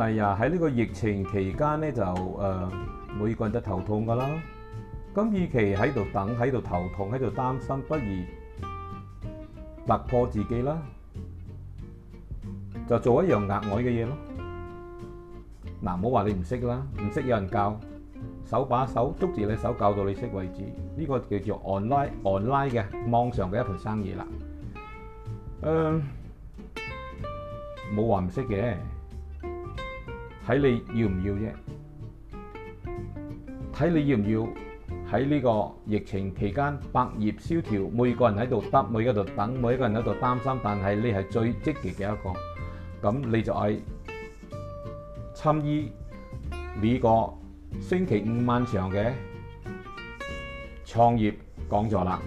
係呀，喺呢個疫情期間咧，就誒每個人都頭痛噶啦。咁，與其喺度等，喺度頭痛，喺度擔心，不如突破自己啦，就做一樣額外嘅嘢咯。嗱，冇話你唔識啦，唔識有人教，手把手捉住你手教到你識為止。呢個叫做 online online 嘅網上嘅一盤生意啦。誒，冇話唔識嘅。睇你要唔要啫，睇你要唔要喺呢個疫情期間百業蕭條，每個人喺度得，每一度等，每一個人喺度擔心，但係你係最積極嘅一個，咁你就係參與呢個星期五晚上嘅創業講座啦。